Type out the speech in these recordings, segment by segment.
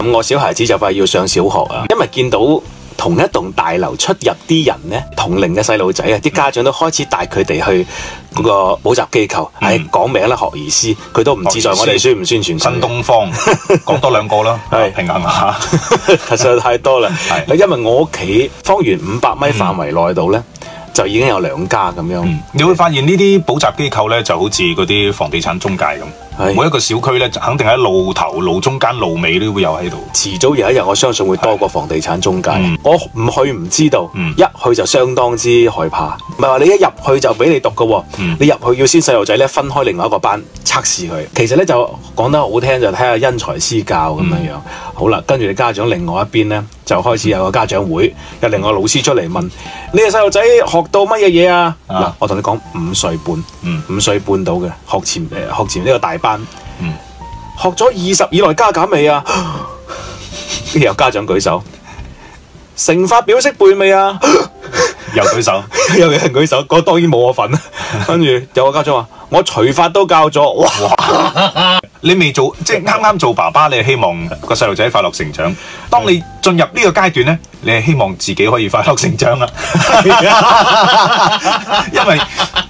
咁我小孩子就快要上小學啊，因為見到同一棟大樓出入啲人呢，同齡嘅細路仔啊，啲家長都開始帶佢哋去嗰個補習機構，係講、嗯哎、名啦，學而思，佢都唔自在。我哋宣唔宣傳新東方，講多兩個啦，係 是平衡下， 其實太多啦。係是，因為我屋企方圓五百米範圍內度呢，嗯、就已經有兩家咁樣、嗯。你會發現呢啲補習機構呢，就好似嗰啲房地產中介咁。每一個小區咧，就肯定喺路頭、路中間、路尾都會有喺度。遲早有一日，我相信會多過房地產中介。嗯、我唔去唔知道，嗯、一去就相當之害怕。唔係話你一入去就俾你讀嘅喎、哦，嗯、你入去要先細路仔咧分開另外一個班測試佢。其實咧就講得好聽就睇下因材施教咁樣樣。嗯、好啦，跟住你家長另外一邊咧就開始有個家長會，嗯、有另外老師出嚟問、嗯、你個細路仔學到乜嘢嘢啊？嗱、啊，我同你講五歲半，五歲半到嘅學前誒學前呢個大班。但嗯、學咗二十以內加減未啊？ 有家長舉手，乘 法表識背未啊？ 又舉手， 又有人舉手，我、那個、當然冇我份啦。跟 住 有個家長話：我除法都教咗。哇， 你未做，即係啱啱做爸爸，你係希望個細路仔快樂成長。當你進入呢個階段咧，你係希望自己可以快樂成長啊？ 因為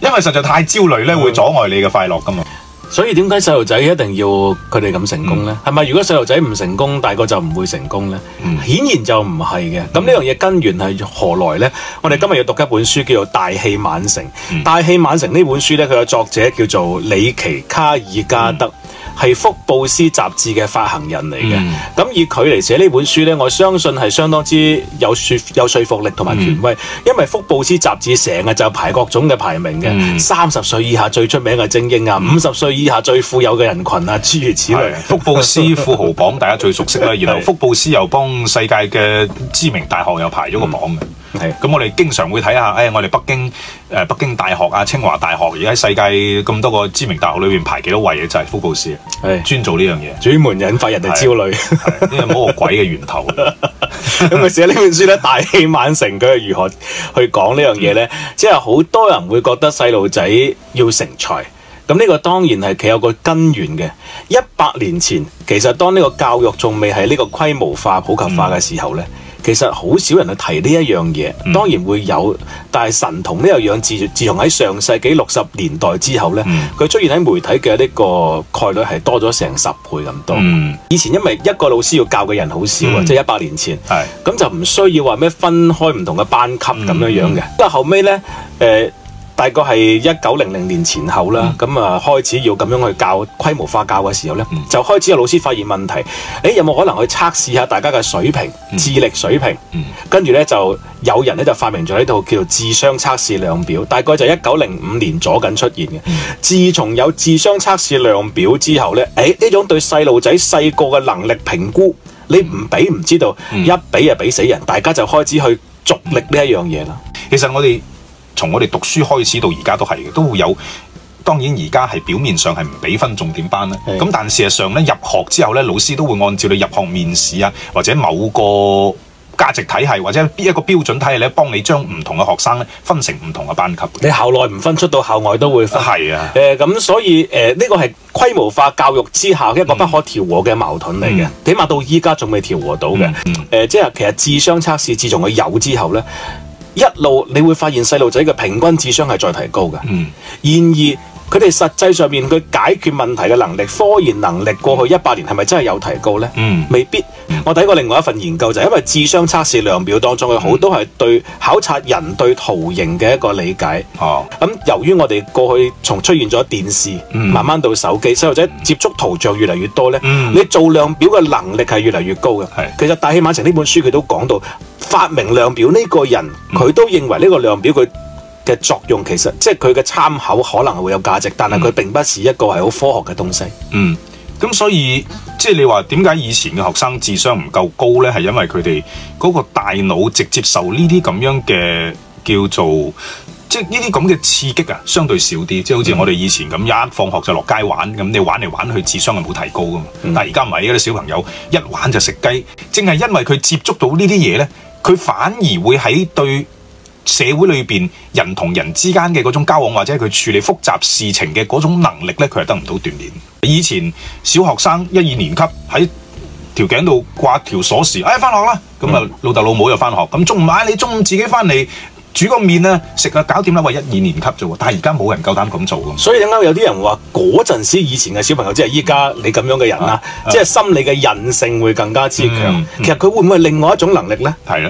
因為實在太焦慮咧，會阻礙你嘅快樂噶嘛。所以點解細路仔一定要佢哋咁成功呢？係咪、嗯、如果細路仔唔成功，大個就唔會成功呢？嗯、顯然就唔係嘅。咁呢樣嘢根源係何來呢？嗯、我哋今日要讀一本書叫做《大器晚成》。嗯《大器晚成》呢本書呢，佢嘅作者叫做里奇·卡爾加德。嗯係福布斯雜誌嘅發行人嚟嘅，咁、嗯、以佢嚟寫呢本書呢，我相信係相當之有說有說服力同埋權威，嗯、因為福布斯雜誌成日就排各種嘅排名嘅，三十歲以下最出名嘅精英啊，五十歲以下最富有嘅人群啊，諸如此類。福布斯富豪榜 大家最熟悉啦，然後福布斯又幫世界嘅知名大學又排咗個榜嘅。嗯係咁，是我哋經常會睇下，誒、哎，我哋北京誒、呃、北京大學啊、清華大學，而家喺世界咁多個知名大學裏邊排幾多位嘅，就係、是、福布斯，是專做呢樣嘢，專門引發人哋焦慮，呢個魔鬼嘅源頭。咁佢 寫呢本書咧， 大器晚成佢係如何去講呢樣嘢咧？嗯、即係好多人會覺得細路仔要成才，咁呢個當然係佢有個根源嘅。一百年前，其實當呢個教育仲未係呢個規模化、普及化嘅時候咧。嗯其實好少人去提呢一樣嘢，當然會有，但係神童呢個樣自自從喺上世紀六十年代之後呢，佢、嗯、出現喺媒體嘅呢個概率係多咗成十倍咁多。嗯、以前因為一個老師要教嘅人好少啊，即係、嗯、一百年前，咁是就唔需要話咩分開唔同嘅班級咁樣樣嘅。之、嗯、後後尾呢。誒、呃。大概係一九零零年前後啦，咁啊、嗯、開始要咁樣去教規模化教嘅時候呢，嗯、就開始有老師發現問題，誒、欸、有冇可能去測試下大家嘅水平、嗯、智力水平？跟住、嗯、呢，就有人咧就發明咗呢套叫做智商測試量表，大概就一九零五年左近出現嘅。嗯、自從有智商測試量表之後呢，誒、欸、呢種對細路仔細個嘅能力評估，你唔俾唔知道，嗯、一俾就俾死人，大家就開始去逐力呢一樣嘢啦。其實我哋。從我哋讀書開始到而家都係嘅，都會有。當然而家係表面上係唔俾分重點班啦。咁是的 但事實上呢入學之後呢，老師都會按照你入學面試啊，或者某個價值體系，或者一個或者一個標準體系呢，幫你將唔同嘅學生呢分成唔同嘅班級。你校內唔分，出到校外都會分。係啊是的、呃。誒咁，所以誒呢、呃這個係規模化教育之下一個不可調和嘅矛盾嚟嘅。嗯、起碼到依家仲未調和到嘅。誒即係其實智商測試自從佢有之後呢。一路你會發現細路仔嘅平均智商係再提高嘅。嗯，然而佢哋實際上面佢解決問題嘅能力、科研能力，過去一百年係咪真係有提高咧？嗯，未必。我睇過另外一份研究就係、是、因為智商測試量表當中嘅好多係對、嗯、考察人對圖形嘅一個理解。哦、咁、嗯、由於我哋過去從出現咗電視，嗯、慢慢到手機，細路仔接觸圖像越嚟越多咧，嗯、你做量表嘅能力係越嚟越高嘅。係，其實大器晚成呢本書佢都講到。發明量表呢個人佢都認為呢個量表佢嘅作用其實即係佢嘅參考可能會有價值，但係佢並不是一個係好科學嘅東西。嗯，咁所以即係你話點解以前嘅學生智商唔夠高呢？係因為佢哋嗰個大腦直接受呢啲咁樣嘅叫做即係呢啲咁嘅刺激啊，相對少啲。即係好似我哋以前咁，一放學就落街玩咁，你玩嚟玩去智商係冇提高㗎嘛。嗯、但係而家唔係，啲小朋友一玩就食雞，正係因為佢接觸到呢啲嘢呢。佢反而會喺對社會裏邊人同人之間嘅嗰種交往，或者佢處理複雜事情嘅嗰種能力呢，佢係得唔到鍛鍊。以前小學生一二年級喺條頸度掛條鎖匙，哎，翻學啦，咁啊、嗯、老豆老母又翻學，咁中午買你中午自己翻嚟煮個麵啊食啊搞掂啦。喂，一二年級啫喎，但係而家冇人夠膽咁做。所以點解有啲人話嗰陣時以前嘅小朋友即係依家你咁樣嘅人啦，即係、啊、心理嘅韌性會更加之強。嗯嗯嗯、其實佢會唔會另外一種能力呢？係啊。